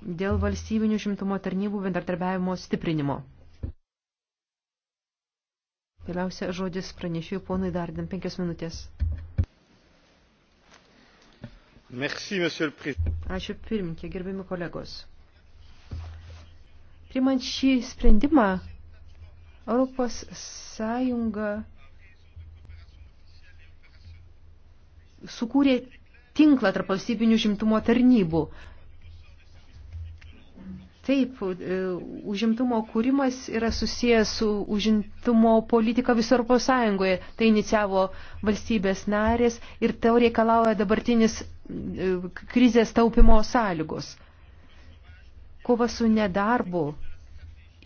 dėl valstybinių šimtumo tarnybų bendradarbiavimo stiprinimo. Pirmiausia, žodis pranešėjų ponui Dardin, penkios minutės. Merci, Ačiū pirmininkė, gerbimi kolegos. Primant šį sprendimą, Europos Sąjunga sukūrė tinklą tarp valstybinių žimtumo tarnybų, Taip, e, užimtumo kūrimas yra susijęs su užimtumo politika viso Europos Sąjungoje. Tai inicijavo valstybės narės ir tau reikalauja dabartinis e, krizės taupimo sąlygos. Kova su nedarbu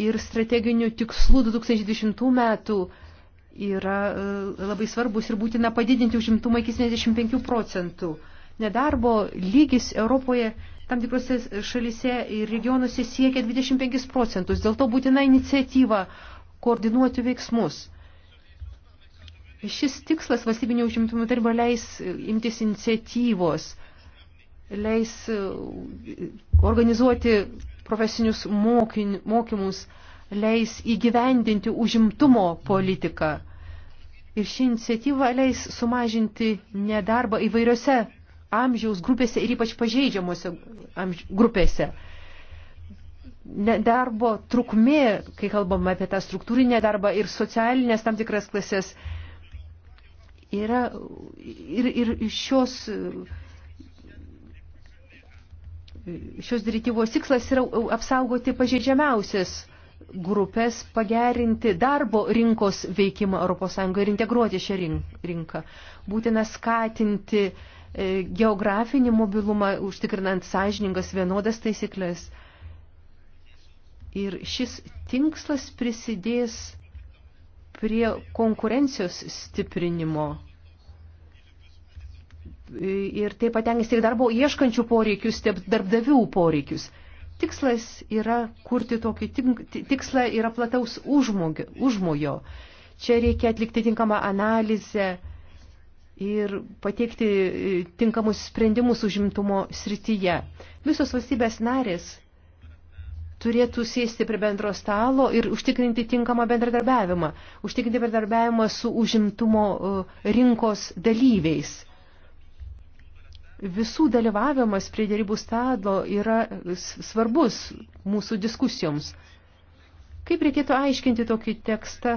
ir strateginių tikslų 2020 metų yra e, labai svarbus ir būtina padidinti užimtumą iki 75 procentų. Nedarbo lygis Europoje tam tikrose šalise ir regionuose siekia 25 procentus. Dėl to būtina iniciatyva koordinuoti veiksmus. Šis tikslas valstybinio užimtumo taryba leis imtis iniciatyvos, leis uh, organizuoti profesinius mokin, mokymus, leis įgyvendinti užimtumo politiką. Ir ši iniciatyva leis sumažinti nedarbą įvairiose amžiaus grupėse ir ypač pažeidžiamuose grupėse. Darbo trukmė, kai kalbam apie tą struktūrinę darbą ir socialinės tam tikras klasės, yra ir, ir šios, šios direktyvos tikslas yra apsaugoti pažeidžiamiausias grupės pagerinti darbo rinkos veikimą ES ir integruoti šią rinką. Būtina skatinti E, geografinį mobilumą, užtikrinant sąžiningas vienodas taisyklės. Ir šis tinkslas prisidės prie konkurencijos stiprinimo. E, ir tai patengis tiek darbo ieškančių poreikius, tiek darbdavių poreikius. Tikslas yra kurti tokį tikslą yra plataus užmojo. Čia reikia atlikti tinkamą analizę ir pateikti e, tinkamus sprendimus užimtumo srityje. Visos valstybės narės turėtų sėsti prie bendro stalo ir užtikrinti tinkamą bendradarbiavimą, užtikrinti bendradarbiavimą su užimtumo e, rinkos dalyviais. Visų dalyvavimas prie dėrybų stalo yra svarbus mūsų diskusijoms. Kaip reikėtų aiškinti tokį tekstą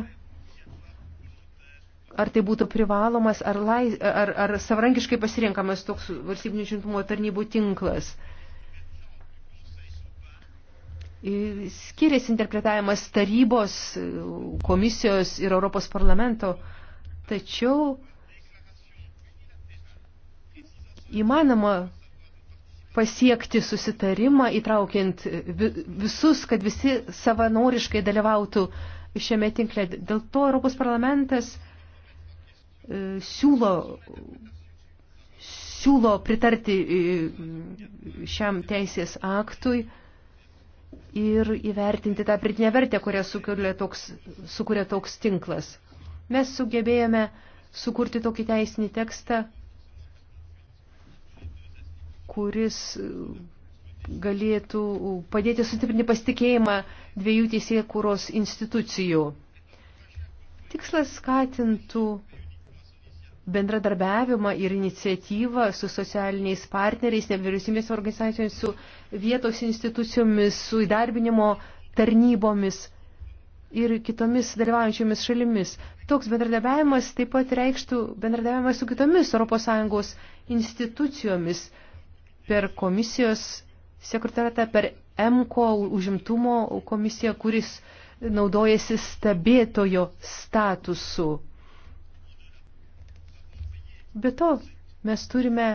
ar tai būtų privalomas ar, lai, ar, ar savarankiškai pasirinkamas toks valstybinių žimtumo tarnybų tinklas. Skiriasi interpretavimas tarybos, komisijos ir Europos parlamento, tačiau įmanoma pasiekti susitarimą, įtraukiant visus, kad visi savanoriškai dalyvautų šiame tinkle. Dėl to Europos parlamentas E, siūlo, siūlo pritarti e, šiam teisės aktui ir įvertinti tą pritinę vertę, kurią sukuria toks, sukuria toks tinklas. Mes sugebėjome sukurti tokį teisinį tekstą, kuris galėtų padėti sutiprinti pasitikėjimą dviejų teisėkūros institucijų. Tikslas skatintų bendradarbiavimą ir iniciatyvą su socialiniais partneriais, nevyriausybės organizacijomis, su vietos institucijomis, su įdarbinimo tarnybomis ir kitomis dalyvaujančiomis šalimis. Toks bendradarbiavimas taip pat reikštų bendradarbiavimą su kitomis ES institucijomis per komisijos sekretarą, per MKO užimtumo komisiją, kuris naudojasi stebėtojo statusu Be to, mes turime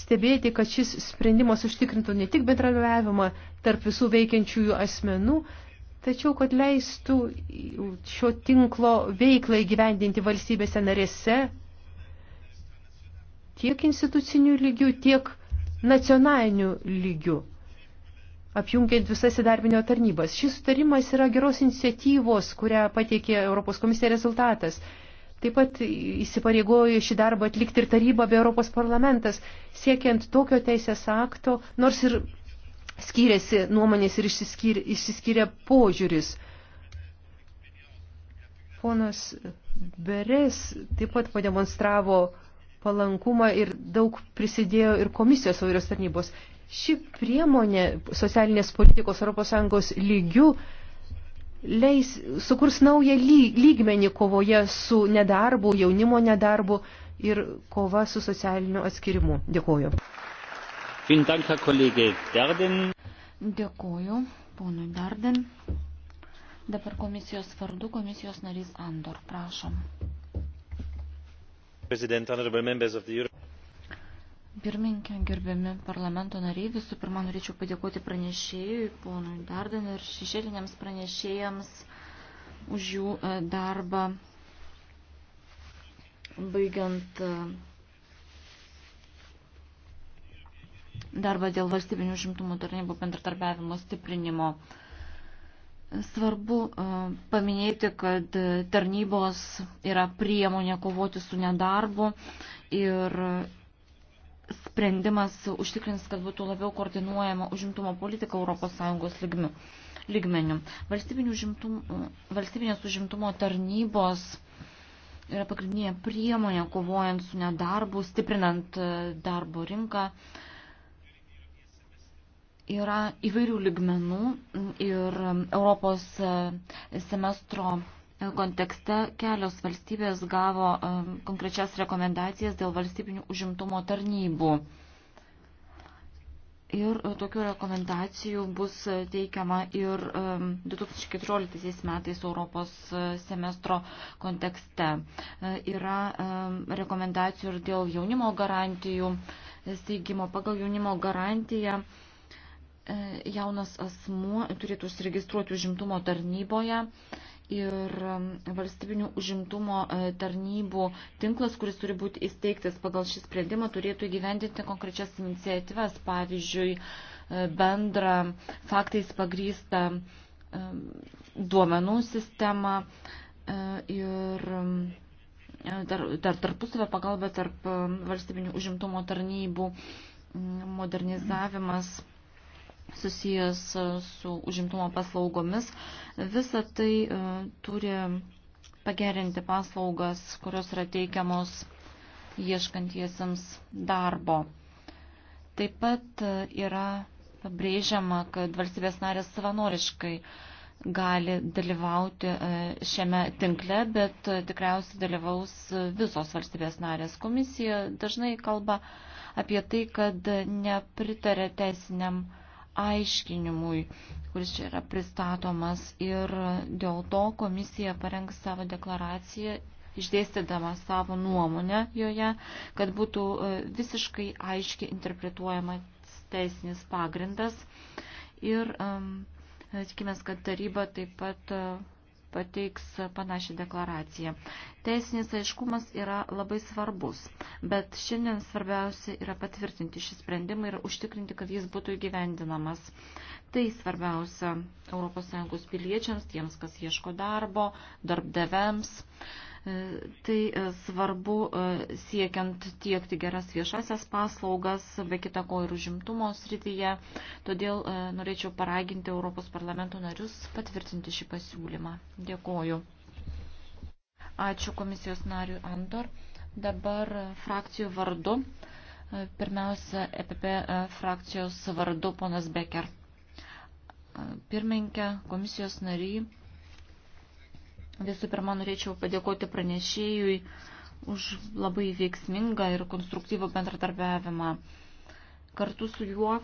stebėti, kad šis sprendimas užtikrintų ne tik bendradarbiavimą tarp visų veikiančiųjų asmenų, tačiau kad leistų šio tinklo veiklą įgyvendinti valstybėse narėse tiek institucinių lygių, tiek nacionalinių lygių, apjungiant visas įdarbinio tarnybas. Šis sutarimas yra geros iniciatyvos, kurią pateikė Europos komisija rezultatas. Taip pat įsipareigojo šį darbą atlikti ir taryba bei Europos parlamentas, siekiant tokio teisės akto, nors ir skyrėsi nuomonės ir išsiskyrė, išsiskyrė požiūris. Ponas Beres taip pat pademonstravo palankumą ir daug prisidėjo ir komisijos saurios tarnybos. Ši priemonė socialinės politikos ES lygių leis, sukurs naują lygmenį kovoje su nedarbu, jaunimo nedarbu ir kova su socialiniu atskirimu. Dėkuoju. Dėkuoju, ponui Darden. Dabar komisijos vardu komisijos narys Andor, prašom. President, honorable members of the Europe Pirminkė, gerbiami parlamento nariai, visų pirma, norėčiau padėkoti pranešėjui, ponui Dardan ir šešėliniams pranešėjams už jų e, darbą, baigiant e, darbą dėl valstybinių žimtumų tarnybų bendratarbiavimo stiprinimo. Svarbu e, paminėti, kad tarnybos yra priemonė kovoti su nedarbu ir sprendimas užtikrins, kad būtų labiau koordinuojama užimtumo politika ES lygmenių. Užimtum, valstybinės užimtumo tarnybos yra pagrindinė priemonė kovojant su nedarbu, stiprinant e, darbo rinką. Yra įvairių ligmenų ir Europos e, semestro kontekste kelios valstybės gavo um, konkrečias rekomendacijas dėl valstybinių užimtumo tarnybų. Ir uh, tokių rekomendacijų bus uh, teikiama ir 2014 um, metais Europos uh, semestro kontekste. Yra um, rekomendacijų ir dėl jaunimo garantijų steigimo. Pagal jaunimo garantiją jaunas asmuo turėtų užsiregistruoti užimtumo tarnyboje ir um, valstybinių užimtumo e, tarnybų tinklas, kuris turi būti įsteigtas pagal šį sprendimą, turėtų įgyvendinti konkrečias iniciatyvas, pavyzdžiui, e, bendrą faktais pagrįstą um, duomenų sistemą e, ir um, dar, dar tarpusavę pagalbą tarp valstybinių užimtumo tarnybų modernizavimas. Mm susijęs e, su užimtumo paslaugomis. Visa tai e, turi pagerinti paslaugas, kurios yra teikiamos ieškantiesiems darbo. Taip pat e, yra pabrėžiama, kad valstybės narės savanoriškai gali dalyvauti šiame tinkle, bet tikriausiai dalyvaus visos valstybės narės. Komisija dažnai kalba apie tai, kad nepritarė teisiniam uh, aiškinimui, kuris čia yra pristatomas ir dėl to komisija parengs savo deklaraciją, išdėstydama savo nuomonę joje, kad būtų e, visiškai aiškiai interpretuojamas teisinis pagrindas ir um, tikimės, kad taryba taip pat uh, pateiks panašią deklaraciją. Teisinis aiškumas yra labai svarbus, bet šiandien svarbiausia yra patvirtinti šį sprendimą ir užtikrinti, kad jis būtų įgyvendinamas. Tai svarbiausia ES piliečiams, tiems, kas ieško darbo, darbdaviams. Uh, E, tai e, svarbu e, siekiant tiekti geras viešasias paslaugas, be kita ko ir užimtumo srityje. Todėl norėčiau paraginti Europos parlamento narius patvirtinti šį pasiūlymą. Dėkoju. Ačiū komisijos nariui Andor. Dabar frakcijų vardu. Pirmiausia, EPP frakcijos vardu ponas Becker. Pirmininkė, komisijos nariai. Visų pirma, norėčiau padėkoti pranešėjui už labai veiksmingą ir konstruktyvų bendradarbiavimą. Kartu su juo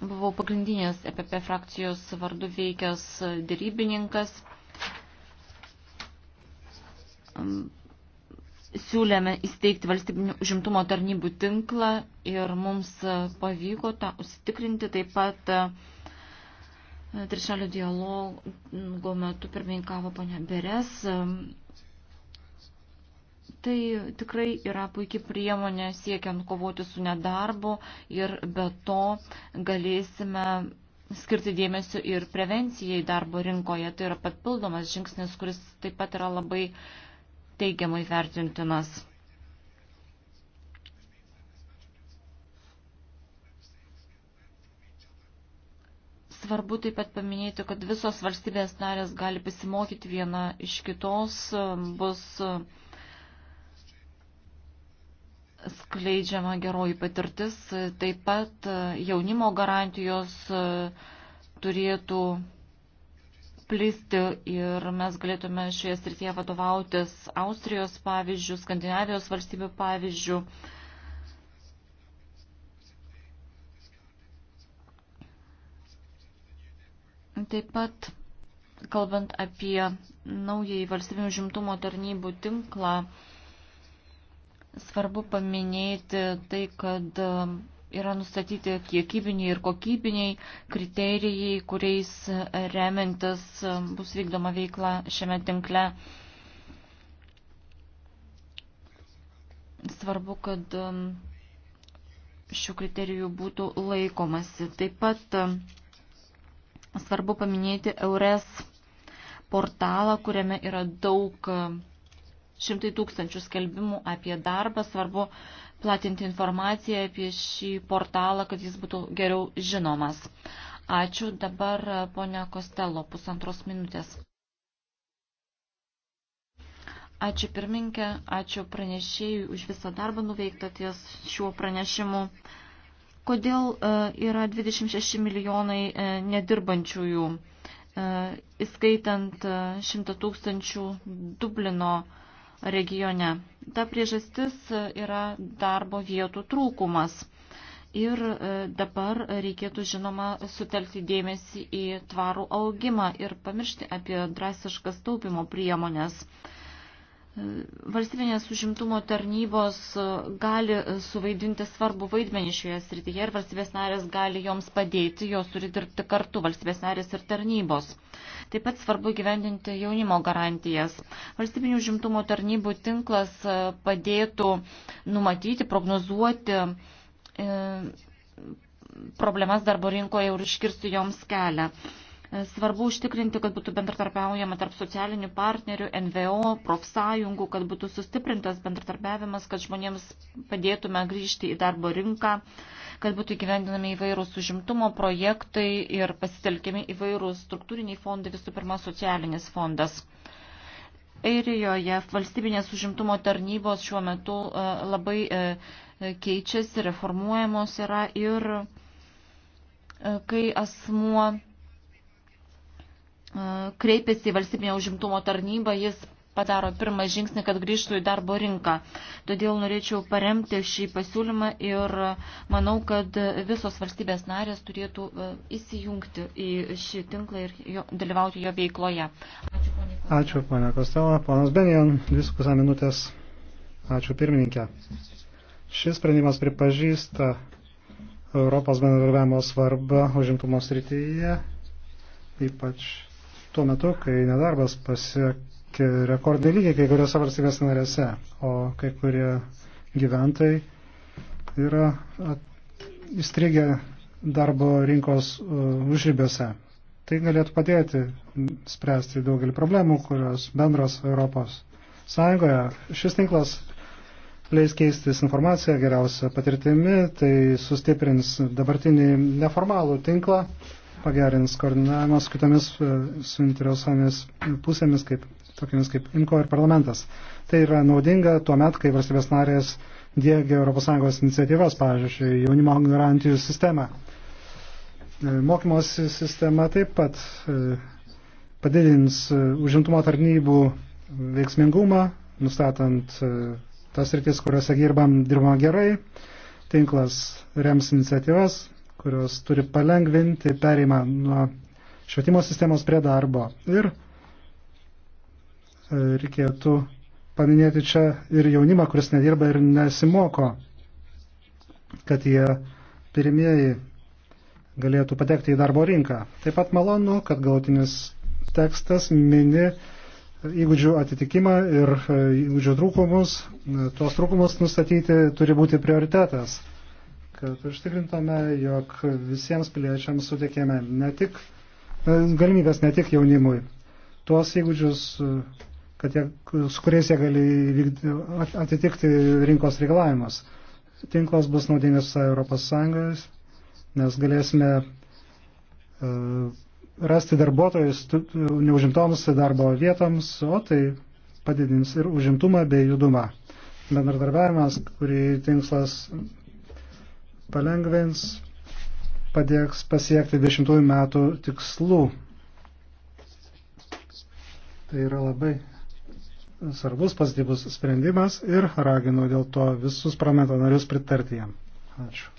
buvau pagrindinės EPP frakcijos vardu veikęs dėrybininkas. Siūlėme įsteigti valstybinių žimtumo tarnybų tinklą ir mums pavyko tą užsitikrinti taip pat Trišalio dialogo metu pirmininkavo ponia Beres. Tai tikrai yra puikia priemonė siekiant kovoti su nedarbu ir be to galėsime skirti dėmesio ir prevencijai darbo rinkoje. Tai yra papildomas žingsnis, kuris taip pat yra labai teigiamai vertintinas. Svarbu taip pat paminėti, kad visos valstybės narės gali pasimokyti viena iš kitos, bus skleidžiama geroji patirtis. Taip pat jaunimo garantijos turėtų plisti ir mes galėtume šioje srityje vadovautis Austrijos pavyzdžių, Skandinavijos valstybių pavyzdžių. Taip pat, kalbant apie naująjį valstybinių žimtumo tarnybų tinklą, svarbu paminėti tai, kad e, yra nustatyti kiekybiniai ir kokybiniai kriterijai, kuriais remiantis e, bus vykdoma veikla šiame tinkle. Svarbu, kad e, šių kriterijų būtų laikomasi. Taip pat svarbu paminėti Eures portalą, kuriame yra daug e, šimtai tūkstančių skelbimų apie darbą. Svarbu platinti informaciją apie šį portalą, kad jis būtų geriau žinomas. Ačiū. Dabar e, ponia Kostelo, pusantros minutės. Ačiū pirminkė, ačiū pranešėjui už visą darbą nuveiktą ties šiuo pranešimu. Kodėl e, yra 26 milijonai e, nedirbančiųjų, e, įskaitant 100 tūkstančių Dublino regione? Ta priežastis yra darbo vietų trūkumas. Ir dabar reikėtų, žinoma, sutelkti dėmesį į tvarų augimą ir pamiršti apie drastiškas taupimo priemonės. Valstybinės užimtumo tarnybos e, gali e, suvaidinti svarbu vaidmenį šioje srityje ir valstybės narės gali joms padėti, jos turi dirbti kartu, valstybės narės ir tarnybos. Taip pat svarbu gyvendinti jaunimo garantijas. Valstybinių užimtumo tarnybų tinklas e, padėtų numatyti, prognozuoti problemas darbo rinkoje ir iškirsti joms kelią. Svarbu užtikrinti, kad būtų bendratarpiaujama tarp socialinių partnerių, NVO, profsąjungų, kad būtų sustiprintas bendratarpiavimas, kad žmonėms padėtume grįžti į darbo rinką, kad būtų įgyvendinami įvairūs užimtumo projektai ir pasitelkiami įvairūs struktūriniai fondai, visų pirma, socialinis fondas. Airijoje valstybinės užimtumo tarnybos šiuo metu e, labai e, keičiasi, reformuojamos yra ir e, kai asmuo E, kreipėsi į valstybinę užimtumo tarnybą, jis padaro pirmą žingsnį, kad grįžtų į darbo rinką. Todėl norėčiau paremti šį pasiūlymą ir manau, kad visos valstybės narės turėtų e, įsijungti į šį tinklą ir jo, dalyvauti jo veikloje. Ačiū, ponė. Ačiū, ponė Kostela. Ponas Benijan, 2,5 minutės. Ačiū, pirmininkė. Šis sprendimas pripažįsta Europos bendradarbiavimo svarbą užimtumo srityje, ypač tuo metu, kai nedarbas pasiekė rekordinį lygį kai kuriuose valstybės narėse, o kai kurie gyventojai yra įstrigę darbo rinkos uh, užrybėse. Tai galėtų padėti spręsti daugelį problemų, kurios bendros Europos Sąjungoje. Šis tinklas leis keistis informaciją geriausia patirtimi, tai sustiprins dabartinį neformalų tinklą pagerins koordinavimą su kitomis e, suinteresuomis pusėmis, kaip, tokiamis kaip IMCO ir parlamentas. Tai yra naudinga tuo met, kai valstybės narės dėgia ES iniciatyvas, pavyzdžiui, jaunimo garantijų sistemą. E, mokymosi sistema taip pat e, padidins užimtumo tarnybų veiksmingumą, nustatant tas rytis, kuriuose dirbam, dirbama gerai, tinklas rems iniciatyvas, kurios turi palengvinti pereimą nuo švietimo sistemos prie darbo. Ir e, reikėtų paminėti čia ir jaunimą, kuris nedirba ir nesimoko, kad jie pirmieji galėtų patekti į darbo rinką. Taip pat malonu, kad galutinis tekstas mini įgūdžių atitikimą ir e, įgūdžių trūkumus. E, tuos trūkumus nustatyti turi būti prioritetas kad užtikrintume, jog visiems piliečiams sutikėme ne tik e, galimybės ne tik jaunimui, tuos įgūdžius, e, kad jie, su kuriais jie gali vykdy, atitikti rinkos reikalavimus. Tinklas bus naudingas visai Europos Sąjungos, nes galėsime uh, rasti darbuotojus neužimtoms darbo vietoms, o tai padidins ir užimtumą bei judumą. Bendradarbiavimas, kurį tinklas palengvins, padėks pasiekti 20 metų tikslų. Tai yra labai svarbus pozityvus sprendimas ir raginu dėl to visus parlamento narius pritarti jam. Ačiū.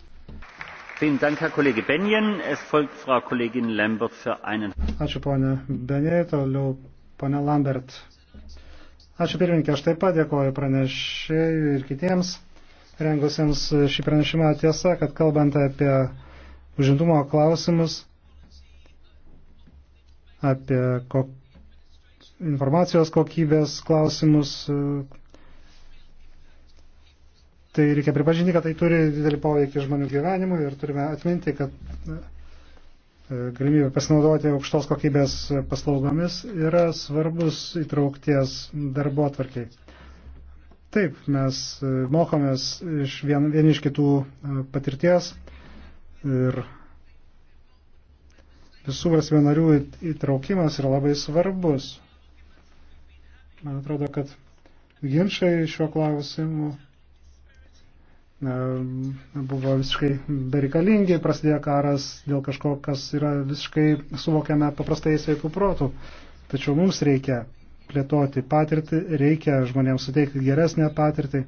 Ačiū ponė Benė, toliau ponė Lambert. Ačiū pirmininkė, aš taip pat dėkoju pranešėjui ir kitiems rengusiems šį pranešimą tiesa, kad kalbant apie užimtumo klausimus, apie ko, informacijos kokybės klausimus, tai reikia pripažinti, kad tai turi didelį poveikį žmonių gyvenimui ir turime atminti, kad e, galimybė pasinaudoti aukštos kokybės paslaugomis yra svarbus įtraukties darbo atvarkiai. Taip, mes e, mokomės iš vien, vieni iš kitų e, patirties ir visų valstybių narių įtraukimas yra labai svarbus. Man atrodo, kad ginčiai šiuo klausimu e, buvo visiškai berikalingi, prasidėjo karas dėl kažko, kas yra visiškai suvokiame paprastai sveikų protų. Tačiau mums reikia plėtoti patirtį, reikia žmonėms suteikti geresnę patirtį.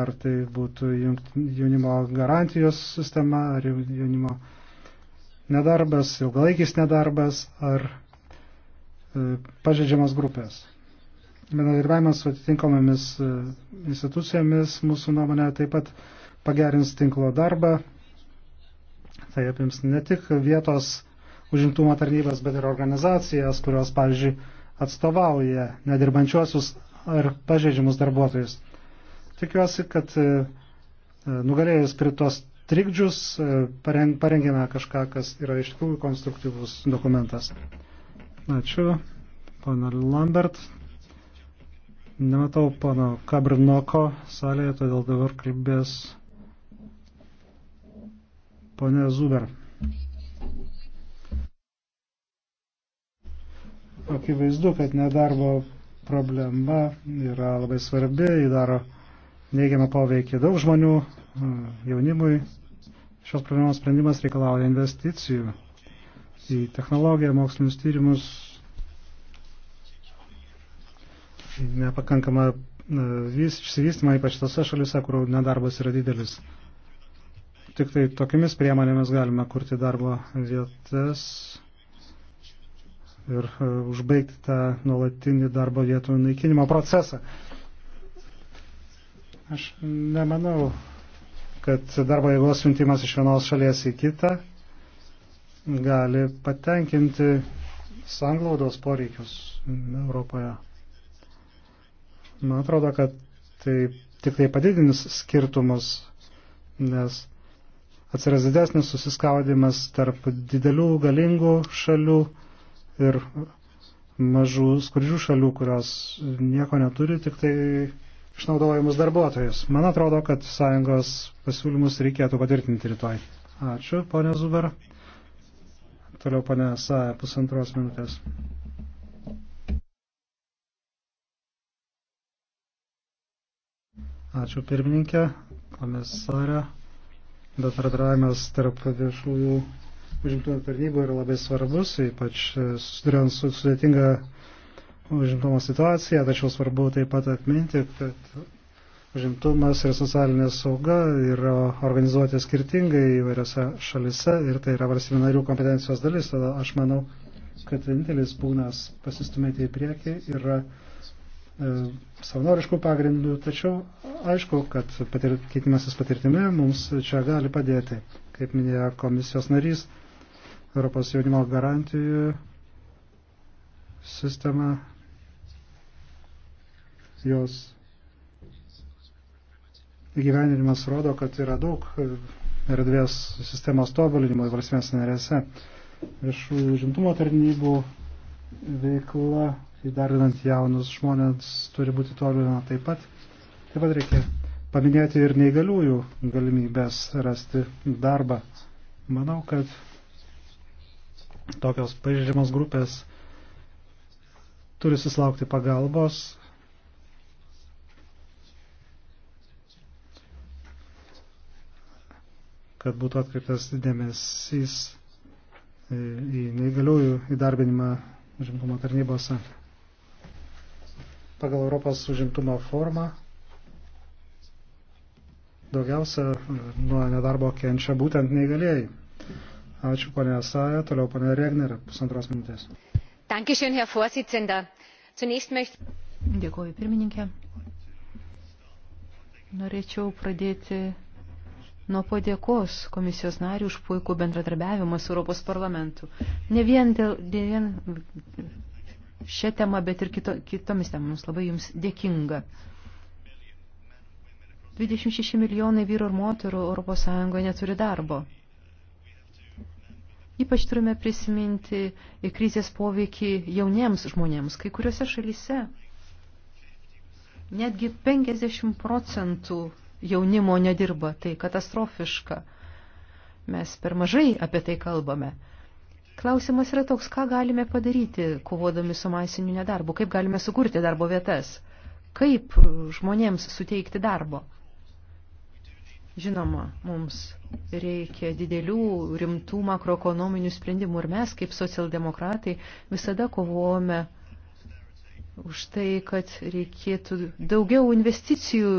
Ar tai būtų jaunimo garantijos sistema, ar jaunimo nedarbas, ilgalaikis nedarbas, ar e, pažeidžiamas grupės. Bendradarbiavimas su atitinkomomis e, institucijomis mūsų nuomonė taip pat pagerins tinklo darbą. Tai apims ne tik vietos užimtumo tarnybas, bet ir organizacijas, kurios, pavyzdžiui, atstovauja nedirbančiuosius ar pažeidžiamus darbuotojus. Tikiuosi, kad e, e, nugalėjus prie tos trikdžius e, parengėme kažką, kas yra iš tikrųjų konstruktyvus dokumentas. Ačiū, pana Lambert. Nematau pana Kabrnoko salėje, todėl dabar kalbės pana Zuber. akivaizdu, kad nedarbo problema yra labai svarbi, jį daro neigiamą poveikį daug žmonių, e, jaunimui. Šios problemos sprendimas reikalauja investicijų į technologiją, mokslinius tyrimus, nepakankamą e, išsivystymą, ypač tose šalise, kur nedarbas yra didelis. Tik tai tokiamis priemonėmis galime kurti darbo vietas ir e, užbaigti tą nuolatinį darbo vietų naikinimo procesą. Aš nemanau, kad darbo jėgos siuntimas iš vienos šalies į kitą gali patenkinti sanglaudos poreikius Europoje. Man atrodo, kad tai tik tai padidinis skirtumus, nes atsiras didesnis susiskaudimas tarp didelių galingų šalių ir mažų skurdžių šalių, kurios nieko neturi, tik tai išnaudojimus darbuotojus. Man atrodo, kad sąjungos pasiūlymus reikėtų patvirtinti rytoj. Ačiū, ponė Zuber. Toliau, ponė Saja, pusantros minutės. Ačiū pirmininkė, komisarė, bendradarbiavimas tarp viešųjų užimtumo tarnybų yra labai svarbus, ypač e, susiduriant su sudėtinga užimtumo situacija, tačiau svarbu taip pat atminti, kad užimtumas ir socialinė sauga yra organizuoti skirtingai įvairiose šalise ir tai yra valstybinarių kompetencijos dalis. Tada aš manau, kad vienintelis būnas pasistumėti į priekį yra e, savanoriškų pagrindų, tačiau aišku, kad patir, keitimasis patirtimi mums čia gali padėti, kaip minėjo komisijos narys. Europos jaunimo garantijų sistema, jos įgyvendinimas rodo, kad yra daug erdvės sistemos tobulinimo valstybės narėse. Viešų žimtumo tarnybų veikla, įdarbinant jaunus žmonės, turi būti tobulinama taip pat. Taip pat reikia paminėti ir neįgaliųjų galimybės rasti darbą. Manau, kad tokios pažeidžiamos grupės turi susilaukti pagalbos. kad būtų atkreiptas dėmesys į neįgaliųjų įdarbinimą užimtumo tarnybose. Pagal Europos užimtumo formą daugiausia nuo nedarbo kenčia būtent neįgalėjai. Ačiū, ponė Saja. Toliau, ponė Regner, pusantros minutės. Dankeschön, Herr Vorsitzender. Zunächst möchte... Dėkuoju, pirmininkė. Norėčiau pradėti nuo padėkos komisijos narių už puikų bendradarbiavimą su Europos parlamentu. Ne vien dėl ne vien šią temą, bet ir kito, kitomis temomis. Labai jums dėkinga. 26 milijonai vyru ir moterų Europos Sąjungoje neturi darbo. Ypač turime prisiminti krizės poveikį jauniems žmonėms. Kai kuriuose šalyse netgi 50 procentų jaunimo nedirba. Tai katastrofiška. Mes per mažai apie tai kalbame. Klausimas yra toks, ką galime padaryti, kovodami su masiniu nedarbu, kaip galime sukurti darbo vietas, kaip žmonėms suteikti darbo. Žinoma, mums reikia didelių, rimtų makroekonominių sprendimų ir mes, kaip socialdemokratai, visada kovojame už tai, kad reikėtų daugiau investicijų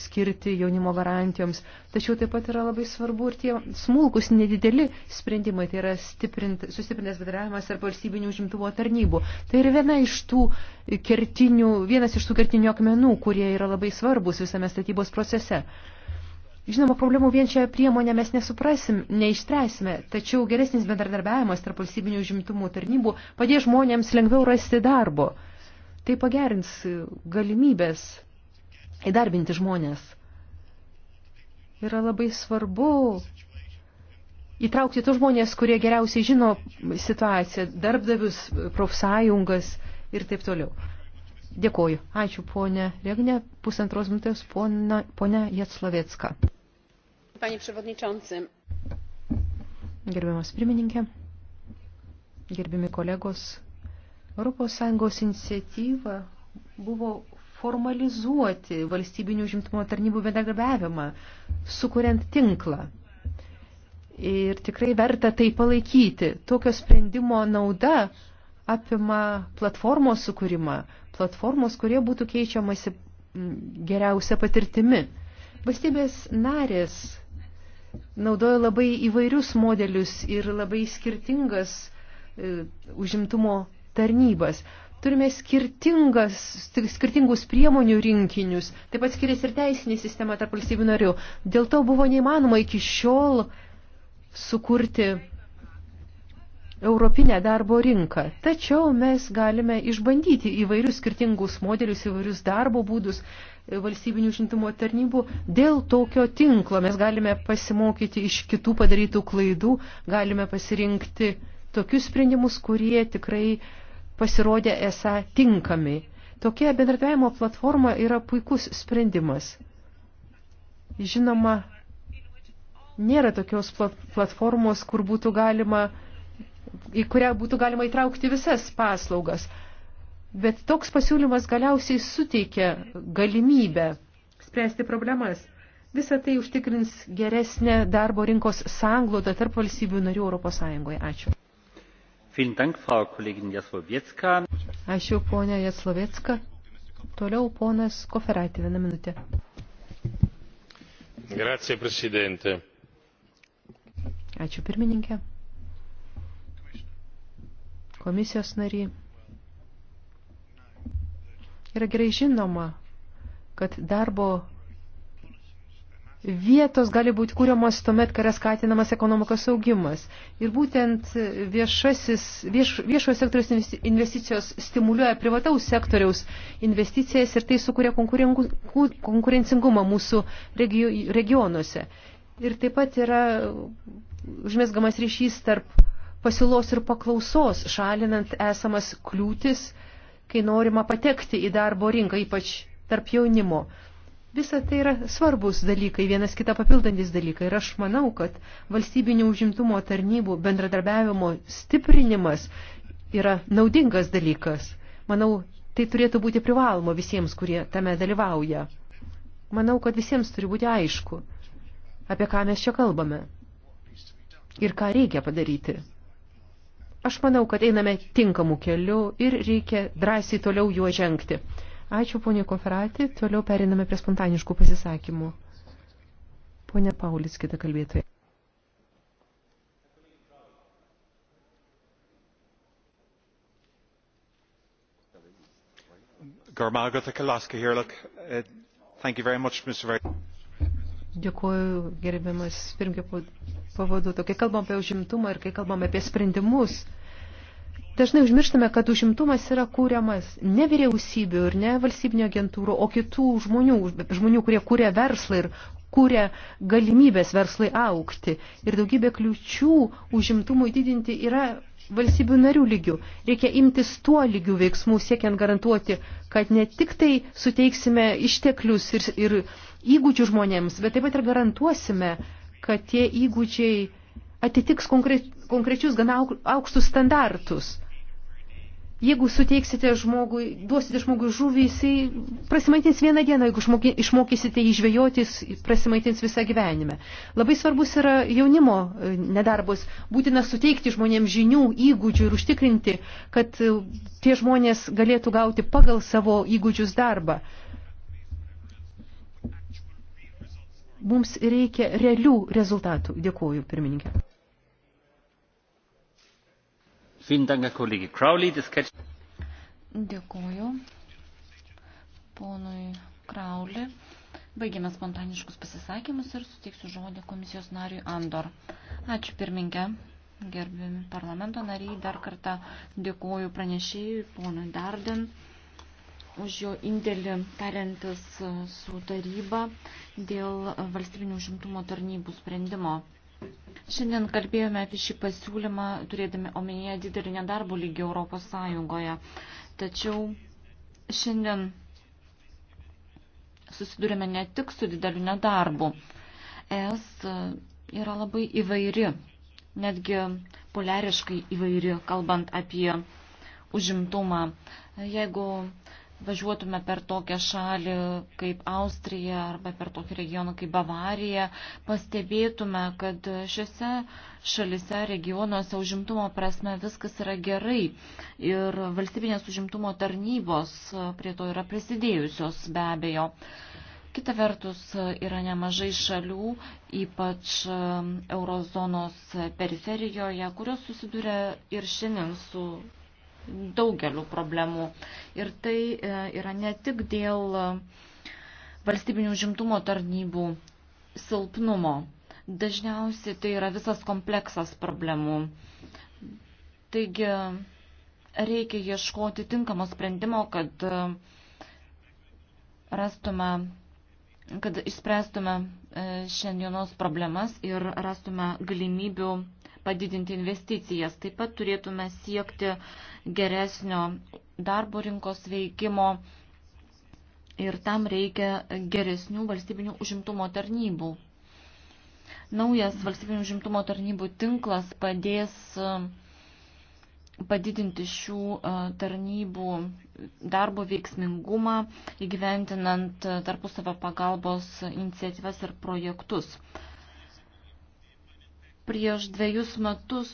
skirti jaunimo garantijoms. Tačiau taip pat yra labai svarbu ir tie smulkus, nedideli sprendimai, tai yra stiprint, sustiprintas bendravimas ar valstybinių užimtumo tarnybų. Tai yra viena iš tų kertinių, vienas iš tų kertinių akmenų, kurie yra labai svarbus visame statybos procese. Žinoma, problemų vien šią priemonę mes nesuprasim, neištreisime, tačiau geresnis bendradarbiavimas tarp valstybinių užimtumų tarnybų padės žmonėms lengviau rasti darbo. Tai pagerins galimybės įdarbinti žmonės. Yra labai svarbu įtraukti tos žmonės, kurie geriausiai žino situaciją, darbdavius, profsąjungas ir taip toliau. Dėkoju. Ačiū, ponė Regnė. Pusantros minutės, ponė Jatslavecka. Panie Przewodniczący. Gerbiamas pirmininkė, gerbiami kolegos, ES iniciatyva buvo formalizuoti valstybinių užimtumo tarnybų bendradarbiavimą, sukuriant tinklą. Ir tikrai verta tai palaikyti. Tokio sprendimo nauda apima platformos sukūrimą, platformos, kurie būtų keičiamasi geriausia patirtimi. Valstybės narės naudoja labai įvairius modelius ir labai skirtingas e, užimtumo tarnybas. Turime skirtingus priemonių rinkinius, taip pat skiriasi ir teisinė sistema tarp valstybių narių. Dėl to buvo neįmanoma iki šiol sukurti europinę darbo rinką. Tačiau mes galime išbandyti įvairius skirtingus modelius, įvairius darbo būdus e, valstybinių užimtumo tarnybų. Dėl tokio tinklo mes galime pasimokyti iš kitų padarytų klaidų, galime pasirinkti tokius sprendimus, kurie tikrai pasirodė esą tinkami. Tokia bendradarbiavimo platforma yra puikus sprendimas. Žinoma, nėra tokios platformos, kur būtų galima uh, į kurią būtų galima įtraukti visas paslaugas. Bet toks pasiūlymas galiausiai suteikia galimybę spręsti problemas. Visą tai užtikrins geresnę darbo rinkos sanglodą tarp valstybių narių Europos Sąjungoje. Ačiū. Ačiū, ponia Jaslovetska. Toliau ponas Koferatė, vieną minutę. Grazie, Ačiū, pirmininkė komisijos nary. Yra gerai žinoma, kad darbo vietos gali būti kūriamos tuomet, kai yra skatinamas ekonomikos augimas. Ir būtent viešasis, vieš, viešojo sektoriaus investicijos stimuliuoja privataus sektoriaus investicijas ir tai sukuria konkurencingumą mūsų regio, regionuose. Ir taip pat yra užmesgamas ryšys tarp pasiūlos ir paklausos, šalinant esamas kliūtis, kai norima patekti į darbo rinką, ypač tarp jaunimo. Visa tai yra svarbus dalykai, vienas kitą papildantis dalykai. Ir aš manau, kad valstybinio užimtumo tarnybų bendradarbiavimo stiprinimas yra naudingas dalykas. Manau, tai turėtų būti privaloma visiems, kurie tame dalyvauja. Manau, kad visiems turi būti aišku, apie ką mes čia kalbame ir ką reikia padaryti. Aš manau, kad einame tinkamų kelių ir reikia drąsiai toliau juo žengti. Ačiū, ponė Koferati. Toliau periname prie spontaniškų pasisakymų. Pone Paulis, kita kalbėtoja. Uh, Dėkuoju, gerbiamas pirmkė pavaduotų. Kai kalbam apie užimtumą ir kai kalbam apie sprendimus, dažnai užmirštame, kad užimtumas yra kūriamas ne vyriausybių ir ne valstybinio agentūrų, o kitų žmonių, žmonių, kurie kūrė verslą ir kūrė galimybės verslai aukti. Ir daugybė kliučių užimtumui didinti yra valstybių narių lygių. Reikia imtis tuo lygių veiksmų, siekiant garantuoti, kad ne tik tai suteiksime išteklius ir, ir įgūdžių žmonėms, bet taip pat ir garantuosime, kad tie įgūdžiai atitiks konkrečius gana aukštus standartus. Jeigu suteiksite žmogui, duosite žmogui žuvį, jisai prasimaitins vieną dieną, jeigu žmogi, išmokysite jį žvejotis, prasimaitins visą gyvenime. Labai svarbus yra jaunimo e, nedarbos. Būtina suteikti žmonėms žinių, įgūdžių ir užtikrinti, kad e, tie žmonės galėtų gauti pagal savo įgūdžius darbą. Mums reikia realių rezultatų. Dėkuoju, pirmininkė. Dėkuoju ponui Krauli. Baigėme spontaniškus pasisakymus ir suteiksiu žodį komisijos nariui Andor. Ačiū pirmininkė, gerbiami parlamento nariai, dar kartą dėkuoju pranešėjui, ponui Darden už jo indėlį tariantis e, su taryba dėl valstybinių užimtumo tarnybų sprendimo. Šiandien kalbėjome apie šį pasiūlymą, turėdami omenyje didelį nedarbo lygį Europos Sąjungoje. Tačiau šiandien susidurime ne tik su dideliu nedarbu. Es e, yra labai įvairi, netgi poliariškai įvairi, kalbant apie užimtumą. Jeigu važiuotume per tokią šalį kaip Austrija arba per tokį regioną kaip Bavarija, pastebėtume, kad šiuose šalise, regionuose užimtumo prasme viskas yra gerai ir valstybinės užimtumo tarnybos prie to yra prisidėjusios be abejo. Kita vertus, yra nemažai šalių, ypač ehm, eurozonos periferijoje, kurios susiduria ir šiandien su daugeliu problemų. Ir tai e, yra ne tik dėl e, valstybinių žimtumo tarnybų silpnumo. Dažniausiai tai yra visas kompleksas problemų. Taigi reikia ieškoti tinkamo sprendimo, kad e, rastume, kad išspręstume šiandienos problemas ir rastume galimybių padidinti investicijas. Taip pat turėtume siekti geresnio darbo rinkos veikimo ir tam reikia geresnių valstybinių užimtumo tarnybų. Naujas valstybinių užimtumo tarnybų tinklas padės e, padidinti šių e, tarnybų darbo veiksmingumą, įgyventinant e, tarpusavio pagalbos iniciatyvas ir projektus. Prieš dviejus metus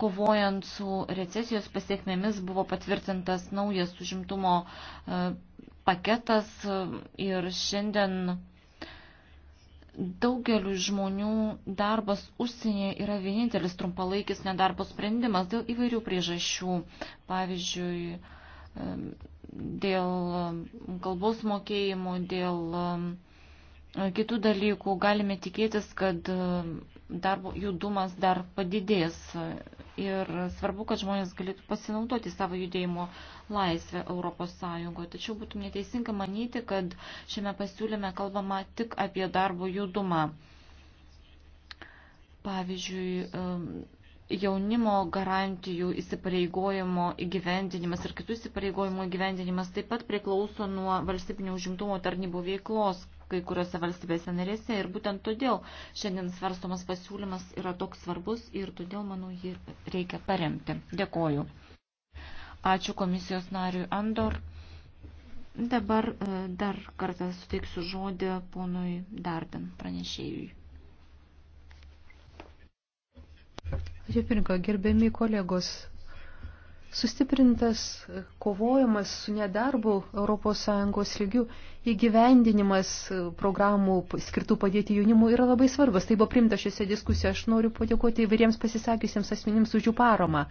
kovojant su recesijos pasiekmėmis buvo patvirtintas naujas užimtumo e, paketas e, ir šiandien daugeliu žmonių darbas užsienyje yra vienintelis trumpalaikis nedarbo sprendimas dėl įvairių priežasčių. Pavyzdžiui, e, dėl kalbos mokėjimo, dėl kitų dalykų galime tikėtis, kad e, darbo judumas dar padidės ir svarbu, kad žmonės galėtų pasinaudoti savo judėjimo laisvę Europos Sąjungoje. Tačiau būtų neteisinga manyti, kad šiame pasiūlyme kalbama tik apie darbo judumą. Pavyzdžiui, e, jaunimo garantijų įsipareigojimo įgyvendinimas ir kitų įsipareigojimų įgyvendinimas taip pat priklauso nuo valstybinio užimtumo tarnybų veiklos, kai kuriuose valstybėse narėse ir būtent todėl šiandien svarstomas pasiūlymas yra toks svarbus ir todėl, manau, jį reikia paremti. Dėkoju. Ačiū komisijos nariui Andor. Dabar e, dar kartą suteiksiu žodį ponui Darden pranešėjui. Ačiū, pirmininko, gerbiami kolegos, Sustiprintas kovojimas su nedarbu ES lygių įgyvendinimas programų skirtų padėti jaunimui yra labai svarbus. Tai buvo primta šiose diskusijose. Aš noriu padėkoti įvairiems pasisakiusiems asmenims už jų paramą.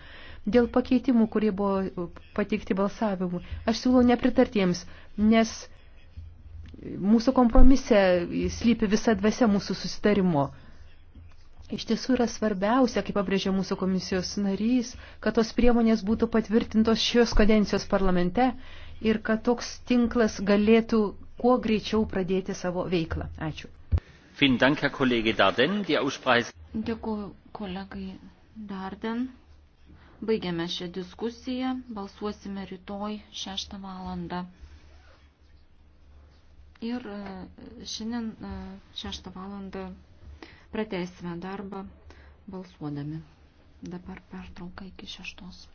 Dėl pakeitimų, kurie buvo pateikti balsavimu, aš siūlau nepritarti jiems, nes mūsų kompromise slypi visa dvasia mūsų susitarimo. Iš tiesų yra svarbiausia, kaip pabrėžė mūsų komisijos narys, kad tos priemonės būtų patvirtintos šios kadencijos parlamente ir kad toks tinklas galėtų kuo greičiau pradėti savo veiklą. Ačiū. Dėkuoju kolegai Darden. Baigiame šią diskusiją. Balsuosime rytoj 6 valandą. Ir e, šiandien 6 e, valandą Pratesime darbą balsuodami. Dabar pertrauka iki šeštos.